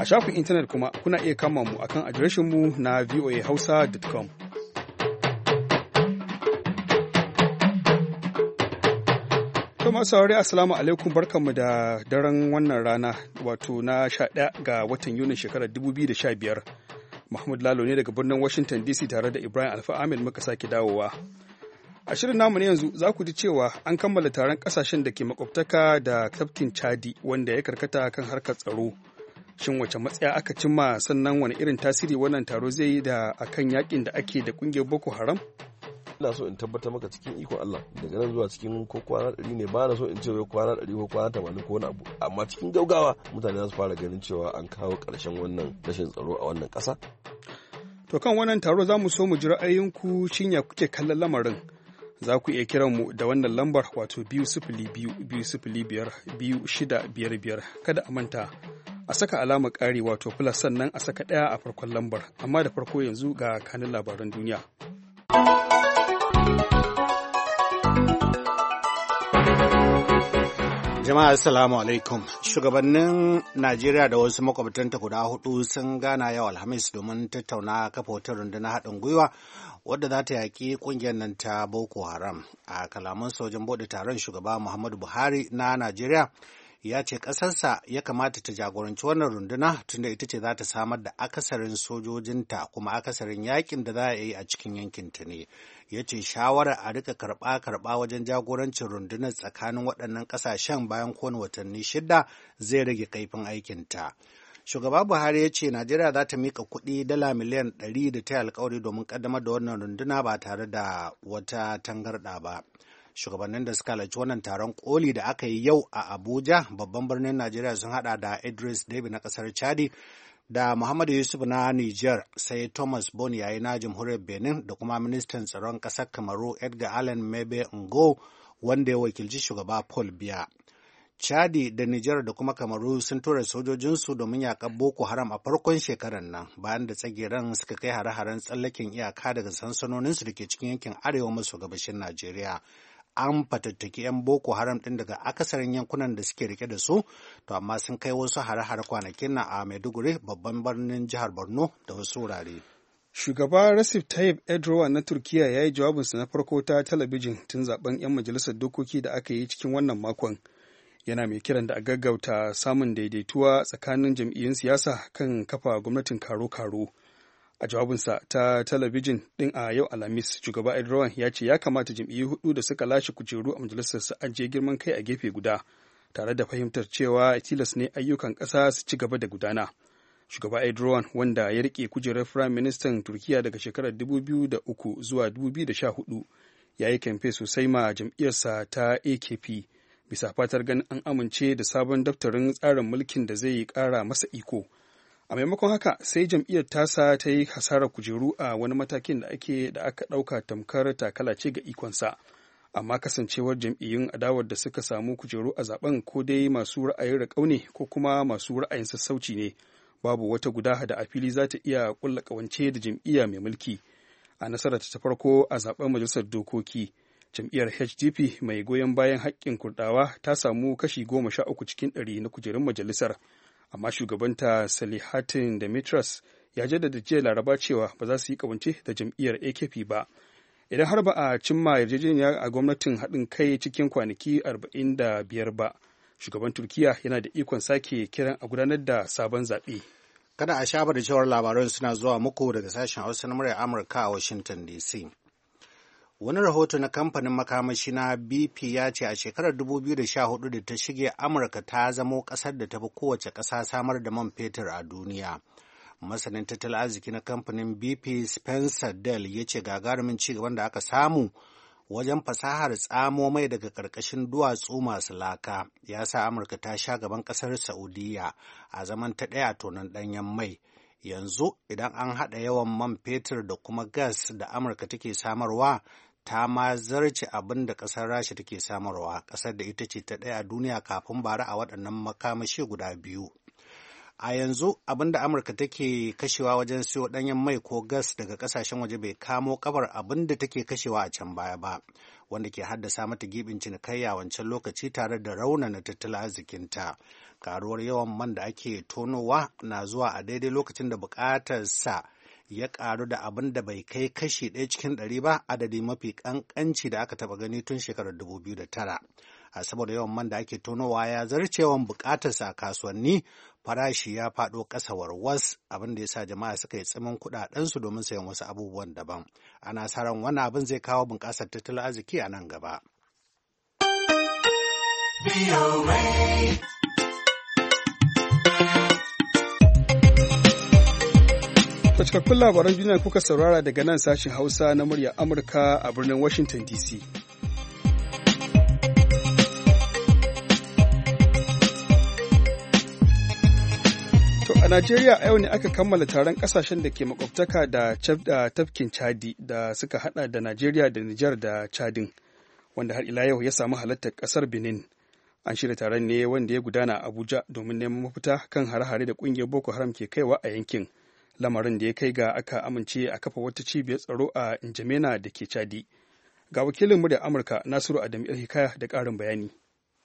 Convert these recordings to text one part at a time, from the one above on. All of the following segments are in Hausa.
A shafin intanet kuma kuna iya kama mu akan mu na voahausa.com. Kuma masu saurari assalamu alaikum barkanmu da daren wannan rana wato na 11 ga watan Yunin shekarar 2015. Mahmud Lalo ne daga birnin Washington DC tare da Ibrahim Alfa Amin muka sake dawowa. A shirin namu na yanzu za ku ji cewa an kammala taron ƙasashen da ke makwabtaka da kaftin Chadi wanda ya karkata kan harkar tsaro. shin wace matsaya aka cimma sannan wani irin tasiri wannan taro zai yi da akan yakin da ake da kungiyar boko haram ina so in tabbatar maka cikin ikon Allah daga nan zuwa cikin ko kwana ɗari ne ba na so in ce wai kwana ɗari ko kwana tamanin ko wani abu amma cikin gaugawa mutane za su fara ganin cewa an kawo ƙarshen wannan rashin tsaro a wannan ƙasa. To kan wannan taro za mu so mu ji ra'ayinku shinya kuke kallon lamarin. Za ku iya kiran mu da wannan lambar wato biyu sifili biyu biyu sifili biyar biyu shida biyar biyar kada a manta a saka alama ƙari wato plus sannan a saka ɗaya a farkon lambar amma da farko yanzu ga kanin labaran duniya jama'a assalamu alaikum shugabannin najeriya da wasu makwabtanta guda hudu sun gana yau alhamis domin tattauna kafa wata rundunar haɗin gwiwa wadda za ta yaƙi ƙungiyar nan ta boko haram a kalaman sojan bude taron shugaba muhammadu buhari na najeriya ya ce ƙasarsa ya kamata ta jagoranci wannan runduna tunda ita ce za ta samar da akasarin sojojinta kuma akasarin yakin da za a yi a cikin yankin ta ne ya ce shawarar a rika karɓa-karɓa wajen jagorancin rundunar tsakanin waɗannan ƙasashen bayan kowane watanni shida zai rage kaifin aikinta. shugaba buhari ya ce najeriya za ta mika kuɗi dala miliyan ɗari da ta yi alkawari domin ƙaddamar da wannan runduna ba tare da wata tangarɗa ba shugabannin da suka halarci wannan taron koli da aka yi yau a abuja babban birnin najeriya sun hada da idris debi na kasar chadi da muhammadu yusuf na niger sai thomas bon yayi na jamhuriyar benin da kuma ministan tsaron kasar kamaru edgar allen mebe ngo wanda ya wakilci shugaba paul biya Chadi da Niger da kuma Kamaru sun tura sojojinsu domin yaƙar Boko Haram a farkon shekarar nan bayan da tsagiran suka kai hare-haren tsallaken iyaka daga sansanoninsu da ke cikin yankin arewa maso gabashin Najeriya. an fatattaki 'yan boko haram ɗin daga akasarin yankunan da suke rike da su to amma sun kai wasu hare-hare kwanakin na a maiduguri babban birnin jihar borno da wasu wurare shugaba recep tayyip erdogan na turkiya ya yi jawabinsa na farko ta talabijin tun zaben 'yan majalisar dokoki da aka yi cikin wannan makon yana mai kiran da a gaggauta samun daidaituwa tsakanin jam'iyyun siyasa kan kafa gwamnatin karo-karo a jawabinsa ta talabijin din a yau alhamis shugaba erdogan ya ce ya kamata jam'iyyu hudu da suka lashe kujeru a majalisar su ajiye girman kai a gefe guda tare da fahimtar cewa tilas ne ayyukan ƙasa su ci gaba da gudana shugaba erdogan wanda ya rike kujerar firayim ministan turkiya daga shekarar 2003 zuwa 2014 ya yi kamfe sosai ma jam'iyyarsa ta akp bisa fatar ganin an amince da sabon daftarin tsarin mulkin da zai kara masa iko a maimakon haka sai jam'iyyar tasa ta yi hasarar kujeru a wani matakin da ake da aka ɗauka tamkar takala ce ga ikonsa amma kasancewar jam'iyyun adawar da suka samu kujeru a zaben ko dai masu ra'ayin raƙau ne ko kuma masu ra'ayin sassauci ne babu wata guda da a fili za ta iya ƙulla ƙawance da jam'iyya mai mulki a nasarar ta farko a zaben majalisar dokoki jam'iyyar hdp mai goyon bayan haƙƙin kurɗawa ta samu kashi goma sha uku cikin ɗari na kujerun majalisar amma shugabanta salihatin demetrius ya jaddada jiya laraba cewa ba za su yi kawance da jam'iyyar akp ba idan har ba a cimma yarjejeniya a gwamnatin haɗin kai cikin kwanaki arba'in da biyar ba shugaban turkiya yana da ikon sake kiran a gudanar da sabon zaɓe kada a shabar cewar labaran suna zuwa muku daga sashen hausa na murya amurka a washington dc Wani rahoto na kamfanin makamashi na BP ya ce a shekarar 2014 da ta shige Amurka ta zamo ƙasar da ta fi kowace ƙasa samar da man fetur a duniya. Masanin tattalin arziki na kamfanin BP Spencer Dell ya ce gagarumin cigaban da aka samu wajen fasahar tsamo mai daga ƙarƙashin duwatsu masu laka ya sa Amurka ta sha gaban ƙasar Saudiya a zaman ta ɗaya tonan ɗanyen mai. Yanzu idan an haɗa yawan man fetur da kuma gas da Amurka take samarwa ta ma zarce abin da ƙasar rasha take samarwa ƙasar da ita ce ta ɗaya a duniya kafin bara a waɗannan makamashi guda biyu a yanzu abin da amurka take kashewa wajen siyo ɗanyen mai ko gas daga ƙasashen waje bai kamo kabar abin da take kashewa a can baya ba wanda ke haddasa mata gibin cinikayya wancan lokaci tare da rauna na tattalin arzikinta karuwar yawan man da ake tonowa na zuwa a daidai lokacin da buƙatarsa ya ƙaru da abin da bai kai kashi ɗaya cikin ɗari ba adadi mafi ƙanƙanci da aka taɓa gani tun shekarar dubu biyu 2009. a saboda yawan man da ake tonowa ya zarce yawan bukatarsa a kasuwanni farashi ya faɗo ƙasa warwas abin da ya sa jama'a suka yi tsimin kuɗaɗensu domin sayan wasu abubuwan daban ana sa ran wani abin zai kawo bunƙasar tattalin arziki a nan gaba. ta cikakkun labaran duniya kuka saurara daga nan sashen Hausa na murya Amurka a birnin Washington DC. a Najeriya yau ne aka kammala taron kasashen da ke makwabtaka da tafkin Chadi da suka hada da Najeriya da Nijar da Chadin, wanda har ila yau ya samu halartar kasar Benin. An shirya taron ne wanda ya gudana a Abuja domin neman mafita kan hare-hare da kungiyar Boko Haram ke kaiwa a yankin. lamarin da ya kai ga aka amince a kafa wata cibiyar tsaro a Njamena da ke Chadi. Ga wakilin da Amurka Nasiru Adam Hikaya da ƙarin bayani.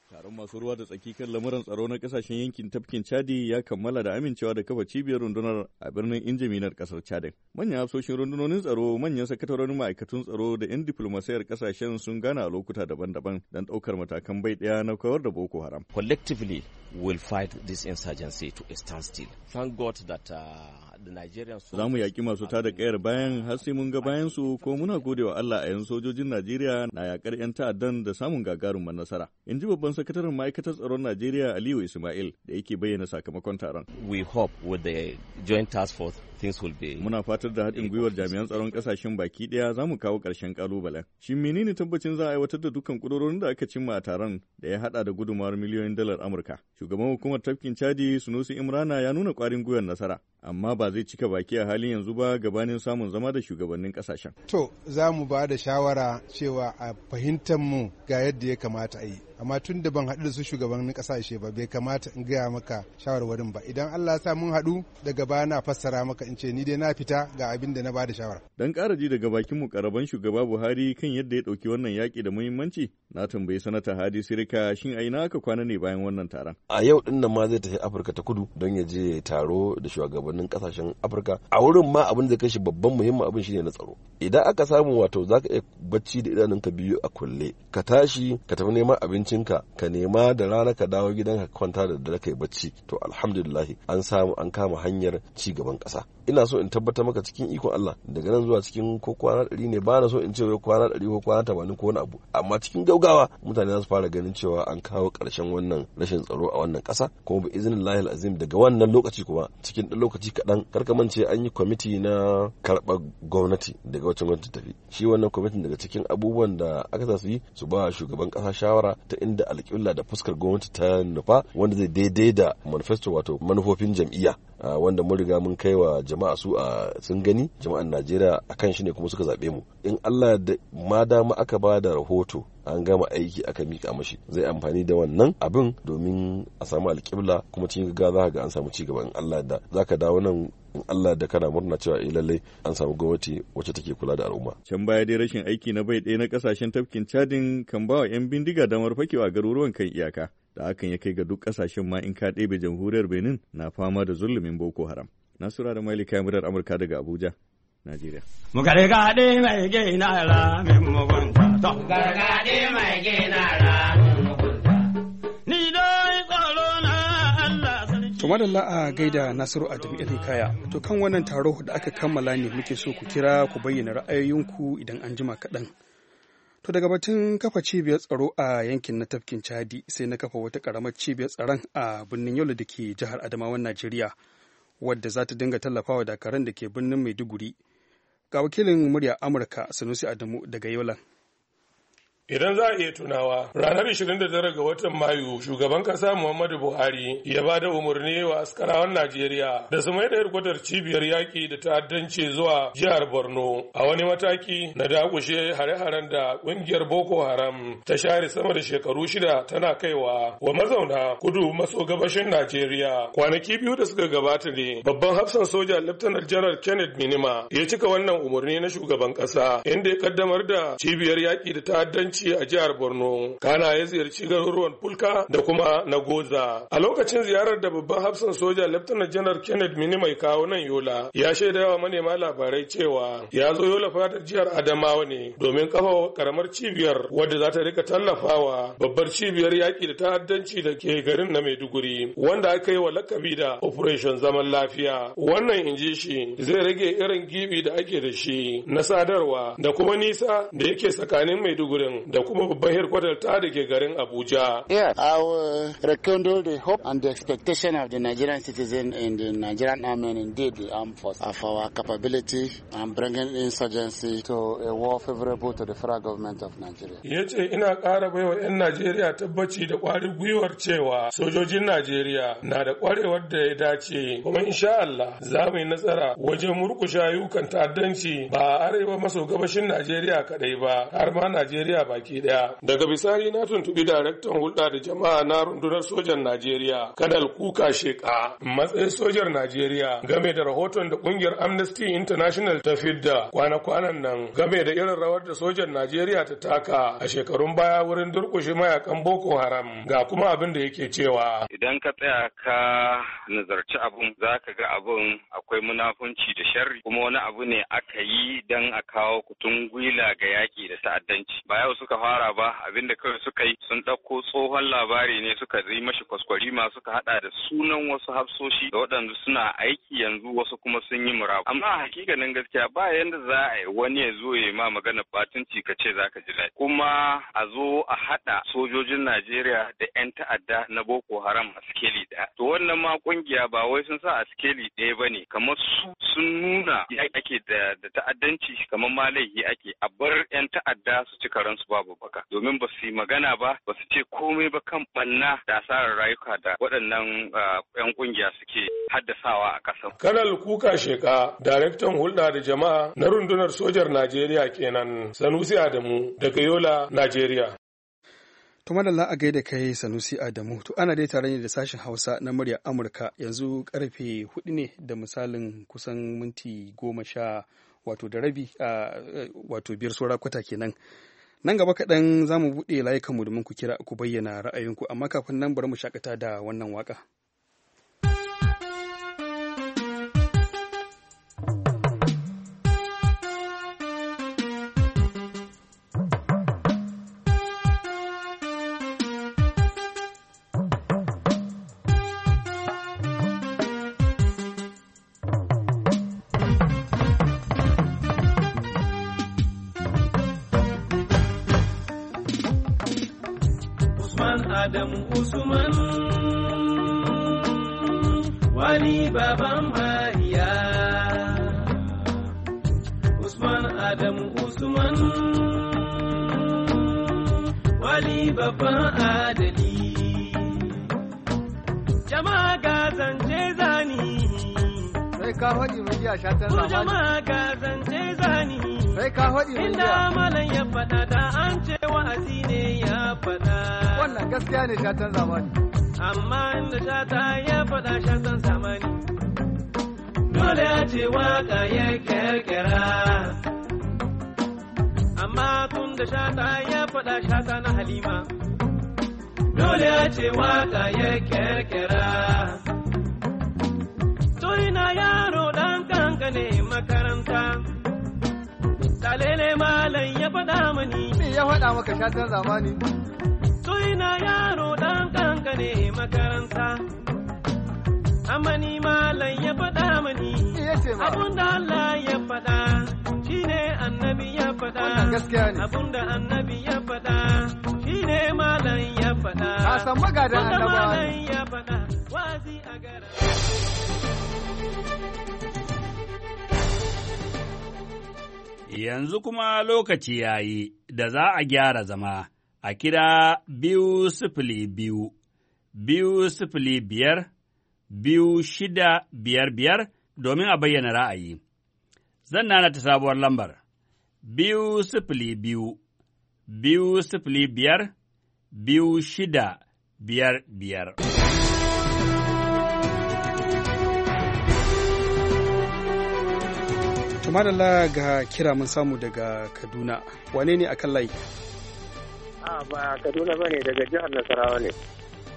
Taron masu ruwa da tsaki kan lamuran tsaro na kasashen yankin tafkin Chadi ya kammala da amincewa da kafa cibiyar rundunar a birnin Injiminar kasar Chadin. Manyan hafsoshin rundunonin tsaro, manyan sakataren ma'aikatun tsaro da 'yan diflomasiyar kasashen sun gana a lokuta daban-daban don ɗaukar matakan bai ɗaya na kawar da Boko Haram. Collectively, will fight this insurgency to a standstill. Thank God that uh, da Najeriya su. Za mu yaƙi masu tada kayar bayan har sai mun ga bayan su ko muna gode wa Allah a yanzu sojojin Najeriya na yaƙar 'yan ta'addan da samun man nasara. In ji babban sakataren ma'aikatar tsaron Najeriya Aliyu Ismail da yake bayyana sakamakon taron. We hope with the joint task force Martin Solbe. Muna fatar da haɗin eh, gwiwar jami'an tsaron ƙasashen baki ɗaya za mu kawo ƙarshen ƙalubalen. Shin menene tabbacin za a aiwatar da dukkan ƙudurorin da aka cimma a taron da ya haɗa da gudumar miliyoyin dalar Amurka? Shugaban hukumar tafkin Chadi Sunusi Imrana ya nuna ƙwarin gwiwar nasara, amma ba zai cika baki a halin yanzu ba gabanin samun zama da shugabannin ƙasashen. To, za mu ba da shawara cewa a fahimtar mu ga yadda ya kamata a yi. amma tun da ban haɗu da su shugabannin ƙasashe ba bai kamata in gaya maka shawarwarin ba idan Allah sa mun haɗu daga baya na fassara maka in ce ni dai na fita ga abin da na bada shawara dan ƙara ji daga bakin mu karaban shugaba Buhari kan yadda ya ɗauki wannan yaƙi da muhimmanci na tambayi sanata Hadi Sirika shin a ina aka kwana ne bayan wannan taron a yau din nan ma zai tafi Afirka ta Kudu don ya je taro da shugabannin ƙasashen Afirka a wurin ma abin da kashi babban muhimmin abin shine na tsaro idan aka samu wato zaka iya bacci da idanunka biyu a kulle ka tashi ka tafi neman abinci abincinka ka nema da rana ka dawo gidan ka kwanta da dare kai bacci to alhamdulillah an samu an kama hanyar ci gaban kasa ina so in tabbata maka cikin ikon Allah daga nan zuwa cikin ko kwana ɗari ne ba na so in ce wai kwana ɗari ko kwana tamanin ko wani abu amma cikin gaugawa mutane za su fara ganin cewa an kawo ƙarshen wannan rashin tsaro a wannan ƙasa kuma bi izinin lahil azim daga wannan lokaci kuma cikin ɗan lokaci kaɗan karka mance an yi kwamiti na karɓar gwamnati daga wacce gwamnati tafi shi wannan kwamitin daga cikin abubuwan da aka sa su yi su ba shugaban ƙasa shawara ta ta inda alƙibla da fuskar gwamnati ta nufa wanda zai daidai da manifesto wato manufofin jam'iyya wanda mun riga mun kai wa jama'a su a sun gani jama'an najeriya a kan shi ne kuma suka zaɓe mu in allah da ma dama aka ba da rahoto an gama aiki aka mika mashi zai amfani da wannan abin domin a samu alƙibla kuma cikin gaggawa za ga an samu cigaba in allah da za ka dawo nan in Allah da kana murna cewa eh lallai an samu gwamnati wacce take kula da al'umma can baya dai rashin aiki na bai ɗaya na kasashen tafkin cadin kan ba wa 'yan bindiga damar fakewa garuruwan kan iyaka da hakan ya kai ga duk kasashen ma in ka ɗebe jamhuriyar benin na fama da zulumin boko haram nasura da mailika murar amurka daga abuja Najeriya. Mugargaɗe mai gina ra gare ga Mugargaɗe mai gina ra To madalla a gaida Nasiru Adam Kaya. To kan wannan taro da aka kammala ne muke so ku kira ku bayyana ra'ayoyinku idan an jima kaɗan. To daga batun kafa cibiyar tsaro a yankin na tafkin Chadi sai na kafa wata ƙaramar cibiyar tsaron a birnin Yola da ke jihar Adamawan Najeriya wadda za ta dinga tallafawa dakaran da ke birnin Maiduguri. Ga wakilin murya Amurka Sanusi Adamu daga Yola Idan za a iya tunawa, ranar 29 ga watan Mayu, shugaban kasa Muhammadu Buhari ya ba da umarni wa askarawan Najeriya da su mai da hirkwatar cibiyar yaƙi da ta'addanci zuwa jihar Borno a wani mataki na dakushe hare-haren da ƙungiyar Boko Haram ta share sama da shekaru shida tana kaiwa wa mazauna kudu maso gabashin Najeriya. Kwanaki biyu da suka gabata ne, babban hafsan soja Laftanar Janar Kenneth Minima ya cika wannan umarni na shugaban kasa inda ya kaddamar da cibiyar yaƙi da ta'addanci Bauchi a jihar Borno. Kana ya ziyarci garuruwan Fulka da kuma na goza. A lokacin ziyarar da babban hafsan soja Laftanar Janar Kenneth Mini mai kawo nan Yola ya shaida wa manema labarai cewa ya zo Yola fadar jihar Adamawa ne domin kafa karamar cibiyar wadda za ta rika tallafawa babbar cibiyar yaƙi da ta'addanci da ke garin na Maiduguri wanda aka yi wa lakabi da Operation Zaman Lafiya. Wannan in ji shi zai rage irin gibi da ake da shi na sadarwa da kuma nisa da yake tsakanin Maiduguri. da kuma babban headquarter ta da ke garin Abuja. Yes, I will rekindle the hope and the expectation of the Nigerian citizen in the Nigerian army and indeed the armed force of our capability and bringing insurgency to a war favorable to the federal government of Nigeria. Ya ce ina ƙara baiwa 'yan Najeriya tabbaci da ƙwarin gwiwar cewa sojojin Najeriya na da ƙwarewar da ya dace kuma insha Allah za mu yi nasara wajen murƙushe ayyukan ta'addanci ba a arewa maso gabashin Najeriya kaɗai ba har ma Najeriya ba baki daya. Daga bisari na tuntuɓi daraktan hulɗa da jama'a na rundunar sojan Najeriya, Kadal Kuka Sheka, matsayin sojar Najeriya game da rahoton da ƙungiyar Amnesty International ta fidda kwana-kwanan nan game da irin rawar da sojan Najeriya ta taka a shekarun baya wurin durkushe mayakan Boko Haram ga kuma abin da yake cewa. Idan ka tsaya ka nazarci abun za ka ga abun akwai munafunci da sharri kuma wani abu ne aka yi don a kawo kutun gwila ga yaƙi da ta'addanci. Ba yau suka fara ba abin da kawai suka yi sun ɗauko tsohon labari ne suka yi mashi kwaskwarima suka haɗa da sunan wasu hafsoshi da waɗanda suna aiki yanzu wasu kuma sun yi murabu amma a hakikanin gaskiya ba yanda za a yi wani ya zo ya ma magana batunci ka ce ka ji daɗi kuma a zo a haɗa sojojin Najeriya da 'yan ta'adda na Boko Haram a sikeli ɗaya to wannan ma kungiya ba wai sun sa a sikeli ɗaya ba ne kamar su sun nuna ake da ta'addanci kamar ma laifi ake a bar 'yan ta'adda su ci karansu ba Atiku domin ba su yi magana ba ba su ce komai ba kan banna da asarar rayuka da waɗannan 'yan kungiya suke haddasawa a ƙasar. Kanal Kuka Sheka, daraktan hulɗa da jama'a na rundunar sojar Najeriya kenan Sanusi Adamu daga Yola, Najeriya. To madalla a gaida kai Sanusi Adamu, to ana dai tare ne da sashen Hausa na murya Amurka yanzu karfe hudu ne da misalin kusan minti goma sha wato da rabi wato biyar saura kwata kenan. Nan gaba kaɗan za mu buɗe layukanmu domin ku kira ku bayyana ra'ayinku amma kafin nan bari mu shakata da wannan waƙa. Adam Usman wani baban Mariya Usman Adam Usman wani babban adali jama'a ga zance zani sai ka faɗi mun ji a shatar labari jama'a ga zance zani sai ka faɗi mun ji inda malam ya faɗa da an ce wa'azi ne ya faɗa wannan gaskiya ne shatan zamani amma inda shata ya faɗa shatan zamani dole ya ce waka ya kirkira amma tun da shata ya faɗa shata na halima dole ya ce waka ya kirkira tuna yaro ɗan kanka ne makaranta dalele malam ya faɗa mani me ya faɗa maka shatan zamani Tun yaro ɗan kankane makaranta. amani ni malam ya faɗa mani abunda Allah ya faɗa shine annabi ya faɗa abunda annabi ya faɗa shine malam ya faɗa. Ka san magadan annabi ya faɗa wazi a gara. yanzu kuma lokaci ya yi da za a gyara zama a kira biyu sifili biyu, biyu sifili biyar, biyu shida biyar biyar domin a bayyana ra'ayi. Zan nana ta sabuwar lambar, biyu sifili biyu, biyu sifili biyar, biyu shida biyar biyar. Tumadala ga kira mun samu daga Kaduna, wane ne a kan layi? ba kaduna ba ne daga jihar nasarawa ne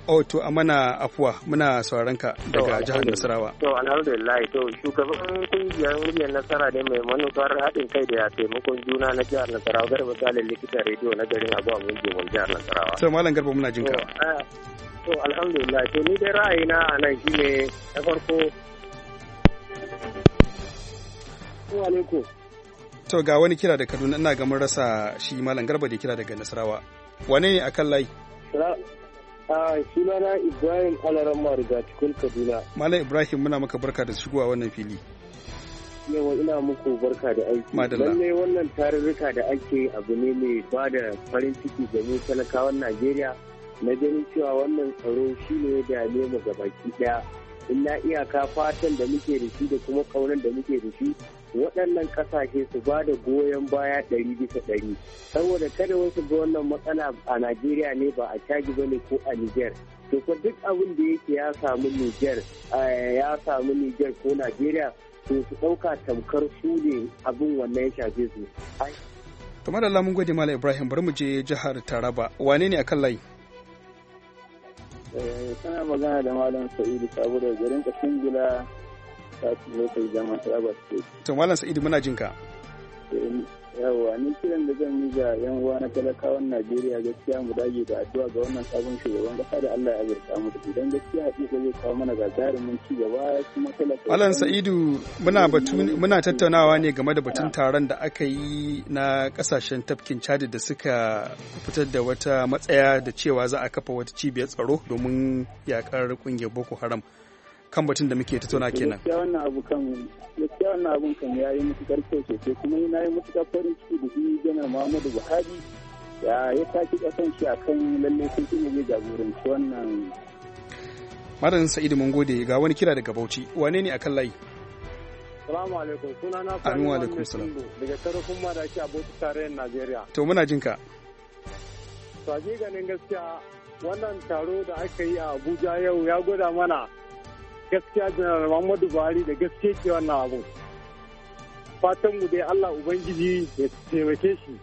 oh to a mana afuwa muna sauran ka daga jihar nasarawa to alhamdulillah to shugaban kungiyar muryar nasara ne mai manufar haɗin kai da taimakon juna na jihar nasarawa garba salin likitan rediyo na garin abuwa mun je jihar nasarawa to malam garba muna jin ka to alhamdulillah to ni dai ra'ayina a nan shine na farko to ga wani kira da kaduna ina ga mun rasa shi malam garba da kira daga nasarawa wane ne akan layi sunana ibrahim Alaran Mariga cikin kaduna malam ibrahim muna maka barka da shigowa wannan fili yawa ina muku barka da aiki lallai wannan tarurruka da ake abu ne mai ba da farin ciki ga mu talakawan najeriya na ganin cewa wannan tsaro shi ne ya dame mu ga baki daya Ina iyaka fatan da muke da shi da kuma kaunar da muke da shi waɗannan ƙasashe su ba da goyon baya ɗari bisa ɗari saboda kada wasu ga wannan matsala a najeriya ne ba a caji ba ne ko a niger to ko duk abin da yake ya samu niger ya samu niger ko najeriya to su ɗauka tamkar su ne abin wannan ya shafe su kamar da lamun gode mala ibrahim bari mu je jihar taraba wane ne akan layi eh, kana magana da malam sa'idu sabo da garin kashin gila Fati Local Jama'a Taraba State. To Malam Sa'idu muna jinka. Eh, yawwa ni kiran da zan yi ga yan uwa na talakawan Najeriya gaskiya mu dage da addu'a ga wannan sabon shugaban kasa da Allah ya zarta mu da idan gaskiya hakika zai kawo mana mun ci gaba kuma talakawa. Malam Sa'idu muna muna tattaunawa ne game da batun taron da aka yi na kasashen tafkin Chad da suka fitar da wata matsaya da cewa za a kafa wata cibiyar tsaro domin yakar kungiyar Boko Haram. kan batun da muke tattauna kenan gaskiya wannan abu kan gaskiya wannan abun kan yayi mutukar kyau sosai kuma yana yi mutukar farin ciki da shi janar Muhammadu Buhari ya ya taki kasan shi akan lalle sun kuma zai jagoranci wannan Madan Sa'idu mun gode ga wani kira daga Bauchi wane ne akan layi Salamu alaikum suna na Sani Muhammad Sambo daga Karofin Madaki a Bauchi tarayyar Najeriya To muna jinka To ganin gaskiya wannan taro da aka yi a Abuja yau ya gwada mana gaskiya janar muhammadu buhari da gaske ke wannan abu fatan mu dai allah ubangiji ya taimake shi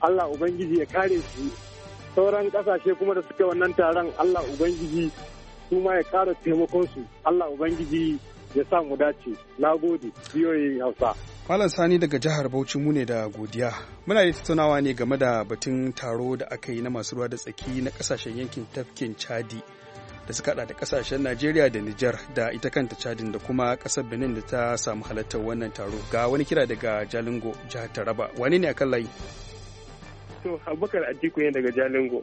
allah ubangiji ya kare shi sauran kasashe kuma da suka wannan taron allah ubangiji su ma ya kara taimakon su allah ubangiji ya sa mu dace na gode biyoyi hausa Malam Sani daga jihar Bauchi mu ne da godiya. Muna da tattaunawa ne game da batun taro da aka yi na masu ruwa da tsaki na kasashen yankin tafkin Chadi da suka hada da kasashen Najeriya da Nijar da ita kanta Chadin da kuma kasar Benin da ta samu halartar wannan taro ga wani kira daga Jalingo jihar Taraba wani ne akan layi to Abubakar Atiku ne daga Jalingo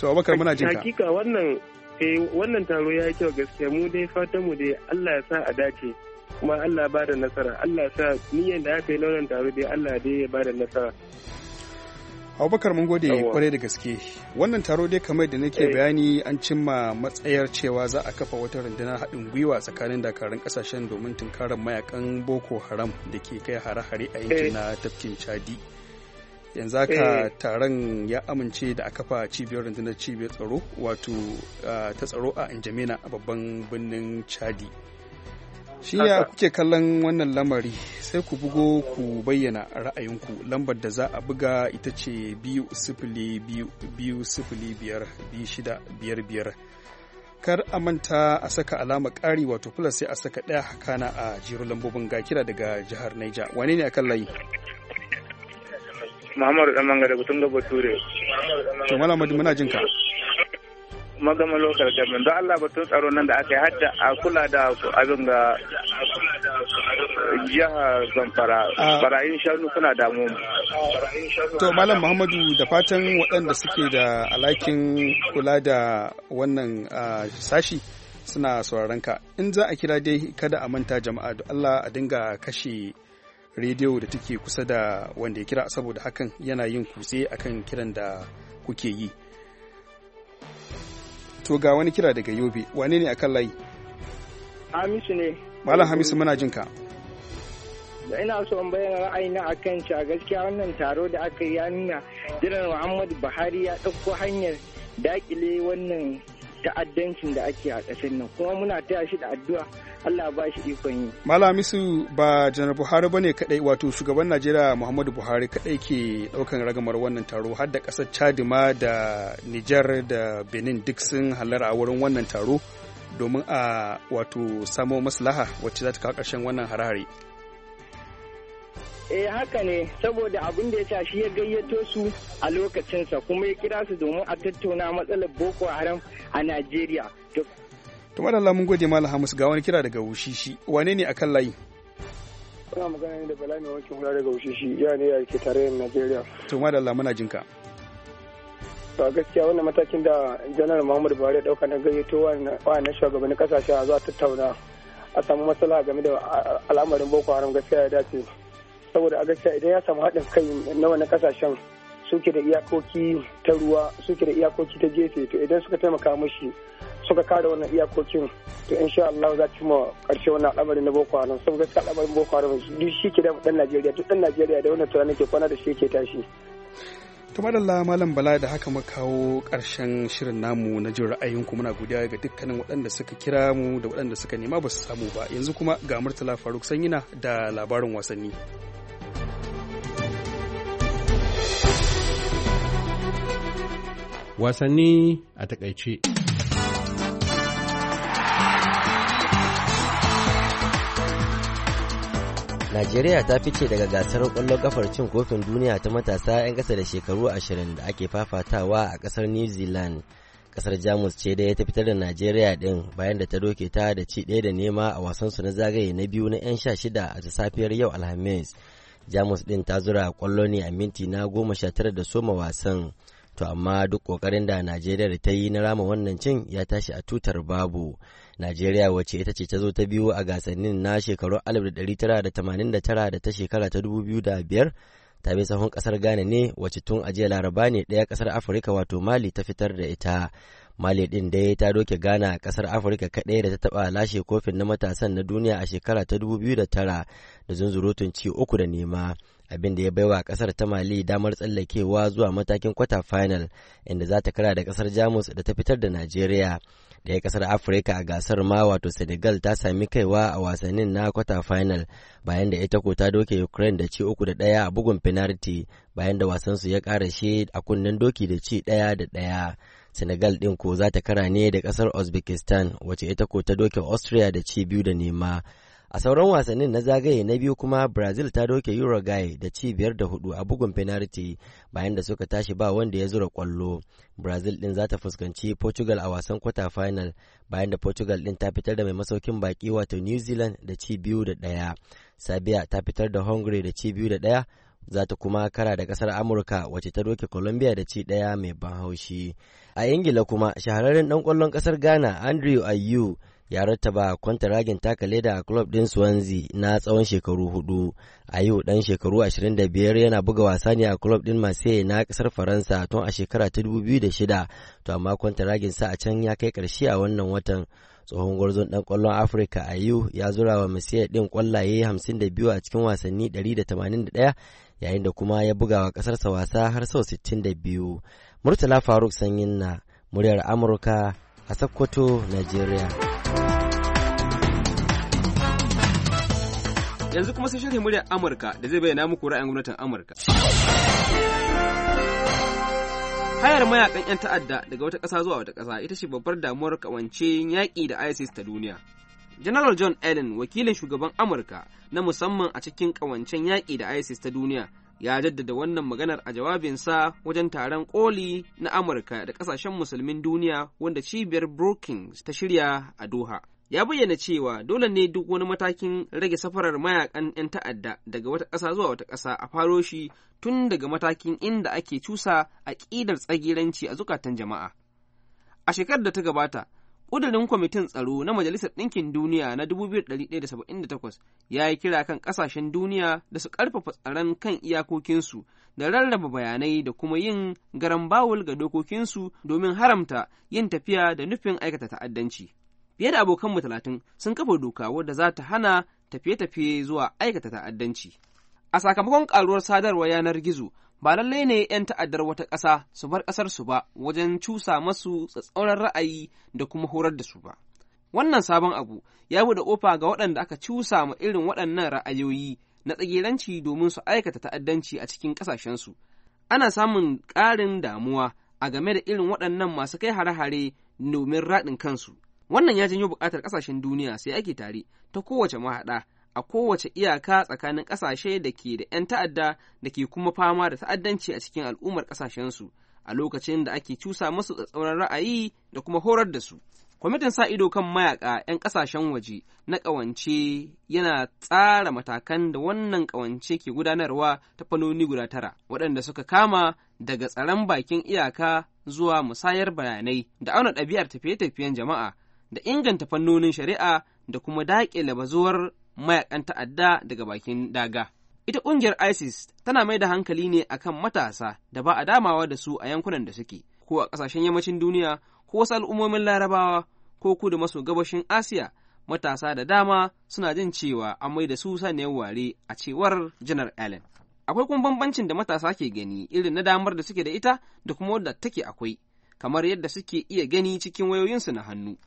to Abubakar muna jin hakika wannan eh wannan taro ya yi kyau gaskiya mu dai fatan mu dai Allah ya sa a dace kuma Allah ba da nasara Allah ya sa niyyar da aka yi launin taro dai Allah dai ya ba da nasara abubakar mun gode kwarai da gaske wannan taro dai kamar da nake eh. bayani an cimma matsayar cewa za a kafa wata rundunar haɗin gwiwa tsakanin dakarun ƙasashen domin tunkarar mayakan boko haram da ke kai hare-hare a yankin eh. na tafkin chadi yanzu haka eh. taron ya amince da a kafa cibiyar rundunar cibiyar tsaro wato ah, ta tsaro a injamena a babban birnin chadi shi ya kuke kallon wannan lamari sai ku bugo ku bayyana ra'ayinku lambar da za a buga ita ce biyu sifili biyu sifili biyar biyu shida biyar biyar kar a manta a saka alama ƙari wato plus sai a saka ɗaya kana a jiro lambobin ga kira daga jihar Niger wane ne kan layi Muhammadu Dan Manga Gutun Tunga Ture. muna ka magama lokal government don Allah batun tsaro nan da aka yi hadda a kula da abin ga jiha zamfara barayin shanu suna damu to malam muhammadu da fatan waɗanda suke da alakin kula da wannan sashi suna sauraron ka in za a kira dai kada a manta jama'a da Allah a dinga kashe rediyo da take kusa da wanda ya kira saboda hakan yana yin kutse akan kiran da kuke yi To ga wani kira daga Yobe, wane ne akan layi? Hamisu ne. Malam Hamisu muna jin ka. da ina so in bayyana ra'ayina a kan a gaskiya wannan taro da aka yi ya nuna jiran muhammadu buhari ya ɗauko hanyar dakile wannan ta'addancin da ake a ƙasar nan kuma muna taya shi da addu'a Allah ba shi ikon yi. Malamisu ba janar Buhari bane kadai wato shugaban Najeriya Muhammadu Buhari kadai ke ɗaukan ragamar wannan taro har da ƙasar Chad ma da Niger da Benin duk sun halara a wurin wannan taro domin a wato samo maslaha wacce za ta kawo ƙarshen wannan harare. Eh haka ne saboda abin da ya sa shi ya gayyato su a lokacinsa kuma ya kira su domin a tattauna matsalar Boko Haram a Najeriya. To madalla mun gode Malam Hamus ga wani kira daga Wushishi. Wane ne akan layi? Kuna magana ne da Bala mai wankin hula daga Wushishi, ya ne ya ke tarayyar Najeriya. To madalla muna jinka. to gaskiya wannan matakin da janar muhammadu buhari ya dauka na gayyato wayannan shugabannin kasashe a zuwa tattauna a samu matsala game da al'amarin boko haram gaskiya ya dace saboda a gaskiya idan ya samu haɗin kai na wani kasashen suke da iyakoki ta ruwa suke da iyakoki ta gefe to idan suka taimaka mashi suka kare wannan iyakokin to insha Allah za ci ma karshe wannan al'amarin na Boko Haram saboda gaskiya al'amarin Boko Haram duk shi ke da dan Najeriya duk dan Najeriya da wannan tunanin ke kwana da shi ke tashi kamar da malam bala da haka muka ƙarshen shirin namu na jin ra'ayinku muna godiya ga dukkanin waɗanda suka kira mu da waɗanda suka nema ba su samu ba yanzu kuma ga murtala faruk sanyina da labarin wasanni wasanni a takaice Najeriya ta fice daga gasar kwallon kafar cin kofin duniya ta matasa 'yan kasa da shekaru 20 da ake fafatawa a kasar New Zealand. Ƙasar Jamus ce dai ya ta fitar da Najeriya din bayan da ta doke ta da ci ɗaya da nema a wasansu na zagaye na biyu na 'yan sha shida a ta safiyar yau Alhamis. Jamus ɗin ta zura kwallo ne a minti na goma sha tara da soma wasan. To amma duk ƙoƙarin da Najeriya ta yi na rama wannan cin ya tashi a tutar babu. Najeriya wacce ita ce ta zo ta biyu a gasannin na shekarun 1989 da ta shekara ta 2005 ta bi sahun kasar Ghana ne wacce tun a Laraba ne ɗaya kasar Afirka wato Mali ta fitar da ita. Mali ɗin dai ta doke Ghana kasar Afirka kaɗai da ta taba lashe kofin na matasan na duniya a shekara ta 2009 da zunzurutun ci uku da nema. abin da ya baiwa kasar ta mali damar tsallakewa zuwa matakin kwata final inda za ta kara da kasar jamus da ta fitar da najeriya da ya kasar afirka a gasar ma wato senegal ta sami kaiwa a wasannin na kwata final bayan da ita ko ta doke ukraine da ci uku da daya a bugun penalty bayan da wasansu ya kara karashe a kunnen doki da ci daya da daya senegal din ko za ta kara ne da kasar uzbekistan wacce ita ko ta doke austria da ci biyu da nema A sauran wasannin na zagaye na biyu kuma Brazil ta doke Uruguay da ci biyar da hudu a bugun penalty bayan da suka tashi ba wanda ya zura kwallo. Brazil din za ta fuskanci Portugal a wasan kwata final bayan da Portugal din ta fitar da mai masaukin baki wato New Zealand da ci biyu da daya Sabia ta fitar da Hungary da ci biyu da daya za ta kuma kara da kasar Amurka wacce ta doke Colombia da ci daya mai ban haushi. A Ingila kuma shahararren dan kwallon kasar Ghana Andrew Ayew ya rattaba kwantaragin taka leda a club din Swansea na tsawon shekaru hudu. Ayu dan shekaru 25 yana buga wasa ne a club din Marseille na kasar Faransa tun a shekara ta 2006 to amma ragin sa a can ya kai karshe a wannan watan. Tsohon gwarzon dan kwallon Afirka Ayu ya zura wa Marseille din kwallaye 52 a cikin wasanni 181 yayin da kuma ya buga wa kasarsa wasa har sau 62. Murtala Faruk Sanyin na muryar Amurka a Sokoto, nigeria. Yanzu kuma sai shirin muryar Amurka da zai bayyana muku ra'ayin gwamnatin Amurka. Hayar mayakan 'yan ta'adda daga wata ƙasa zuwa wata ƙasa ita ce babbar damuwar kawance yaƙi da ISIS ta duniya. General John Allen, wakilin shugaban Amurka na musamman a cikin kawancen yaƙi da ISIS ta duniya, ya jaddada wannan maganar a jawabinsa wajen taron koli na Amurka da ƙasashen musulmin duniya wanda cibiyar Brookings ta shirya a Doha. ya bayyana cewa dole ne duk wani matakin rage safarar mayakan 'yan ta'adda daga wata ƙasa zuwa wata ƙasa a faro shi tun daga matakin inda ake cusa a ƙidar tsagiranci a zukatan jama'a. A shekarar da ta gabata, ƙudurin kwamitin tsaro na Majalisar Ɗinkin Duniya na 2178 ya yi kira kan ƙasashen duniya da su ƙarfafa tsaron kan iyakokinsu da rarraba bayanai da kuma yin garan bawul ga dokokinsu domin haramta yin tafiya da nufin aikata ta'addanci. fiye da abokanmu talatin sun kafa doka wadda za ta hana tafiye-tafiye zuwa aikata ta'addanci. A sakamakon karuwar sadarwar yanar gizo, ba lallai ne 'yan ta'addar wata ƙasa su bar ƙasarsu su ba wajen cusa masu tsatsauran ra'ayi da kuma horar da su ba. Wannan sabon abu ya buɗe ƙofa ga waɗanda aka cusa ma irin waɗannan ra'ayoyi na tsagiranci domin su aikata ta'addanci a cikin ƙasashensu. Ana samun ƙarin damuwa a game da irin waɗannan masu kai hare-hare domin raɗin kansu. wannan ya janyo buƙatar ƙasashen duniya sai ake tare ta kowace mahaɗa a kowace iyaka tsakanin ƙasashe da ke da 'yan ta'adda da ke kuma fama da ta'addanci a cikin al'ummar ƙasashensu a lokacin da ake cusa musu tsatsauran ra'ayi da kuma horar da su. Kwamitin sa ido kan mayaƙa 'yan ƙasashen waje na ƙawance yana tsara matakan da wannan ƙawance ke gudanarwa ta fannoni guda tara waɗanda suka kama daga tsaron bakin iyaka zuwa musayar bayanai da auna ɗabi'ar tafiye-tafiyen jama'a da inganta fannonin shari'a da kuma daƙile bazuwar mayakan ta'adda daga bakin daga. Ita ƙungiyar ISIS tana mai da hankali ne akan matasa da ba a damawa da su a yankunan da suke, ko a ƙasashen yammacin duniya, ko wasu al'ummomin larabawa, ko kudu maso gabashin Asiya, matasa da dama suna jin cewa an mai da su saniyar ware a cewar Janar Allen. Akwai kuma bambancin da matasa ke gani irin na damar da suke da ita da kuma wadda take akwai, kamar yadda suke iya gani cikin wayoyinsu na hannu.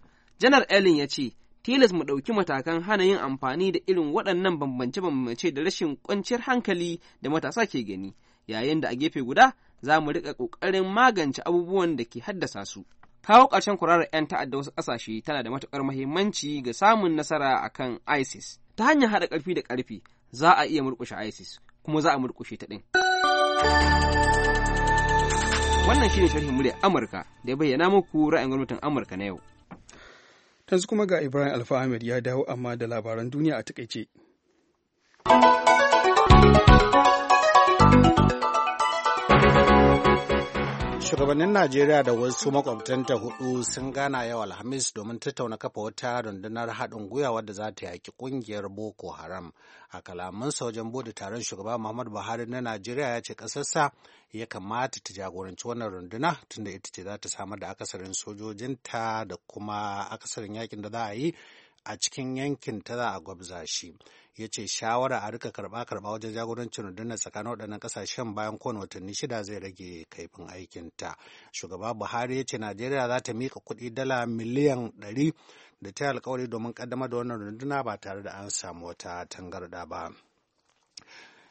janar elin ya ce tilas mu ɗauki matakan hana yin amfani da irin waɗannan bambance-bambance da rashin kwanciyar hankali da matasa ke gani yayin da a gefe guda za mu riƙa ƙoƙarin magance abubuwan da ke haddasa su kawo ƙarshen kurarar 'yan ta'adda wasu ƙasashe tana da matuƙar muhimmanci ga samun nasara a kan isis ta hanyar haɗa ƙarfi da ƙarfi za a iya murƙushe isis kuma za a murƙushe ta ɗin wannan shine sharhin murya amurka da ya bayyana muku ra'ayin gwamnatin amurka na yau yanzu kuma ga ibrahim alfa ya dawo amma da labaran duniya a takaice. shugabannin najeriya da wasu makwabtanta hudu sun gana yau alhamis domin tattauna kafa wata rundunar haɗin gwiwa wadda za ta yaƙi ƙungiyar boko haram a kalamansa wajen bude taron shugaba muhammad buhari na najeriya ya ce ƙasarsa ya kamata ta jagoranci wannan runduna tunda ita ce za ta samar da akasarin sojojinta da kuma akasarin yakin da za a yi a cikin yankin ta za a gwabza shi. ya ce shawara a rika karɓa karba wajen jagorancin rundunar tsakanin waɗannan ƙasashen bayan kowane watanni shida zai rage kaifin aikinta. Shugaba Buhari ya ce Najeriya za ta mika kuɗi dala miliyan ɗari da ta yi alkawari domin ƙaddamar da wannan runduna ba tare da an samu wata tangarɗa ba.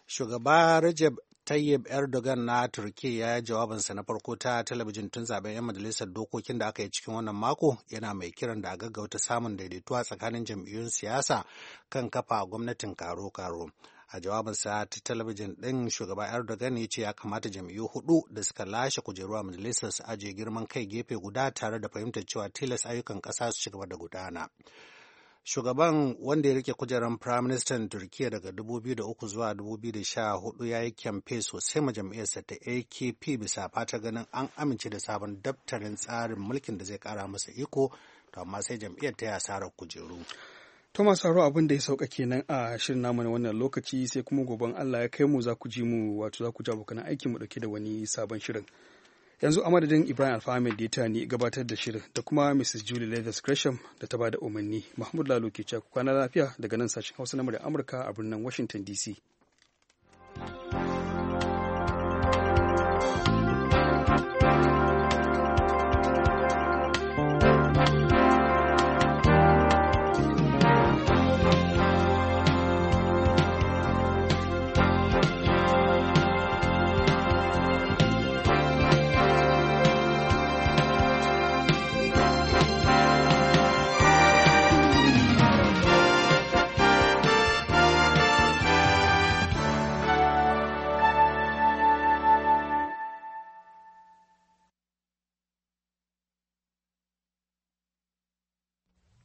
shugaba rajab Tayyip Erdogan na Turkiyya ya yi jawabinsa na farko ta talabijin tun zaben 'yan majalisar dokokin da aka yi cikin wannan mako yana mai kiran da a gaggauta samun daidaituwa tsakanin jam'iyyun siyasa kan kafa gwamnatin karo-karo. a jawabinsa ta talabijin din shugaba erdogan ya ce ya kamata jam'iyyu hudu da suka lashe kujeru a majalisar su ajiye girman kai gefe guda tare da fahimtar cewa tilas ayyukan ƙasa su ci gaba da gudana Shugaban wanda ya rike kujerar Prime Minister Turkiyya daga 2003 zuwa 2014 ya yi kyamfe sosai ma jam'iyyarsa ta AKP bisa fata ganin an amince da sabon daftarin tsarin mulkin da zai kara masa iko, to amma sai jam'iyyar ta ya asarar kujeru. Thomas Haro abin da ya sauka kenan a shirin namu na wannan lokaci sai kuma gobe Allah ya kai mu za ku ji mu wato za ku ji abokan aikin mu dauke da wani sabon shirin. yanzu a madadin ibrahim alfahamed da ta ni gabatar da shirin da kuma mrs julie leathers gresham da ta ba da umarni mahmud lalu ke cewa kwana lafiya daga nan sashen hausa na murya amurka a birnin washington dc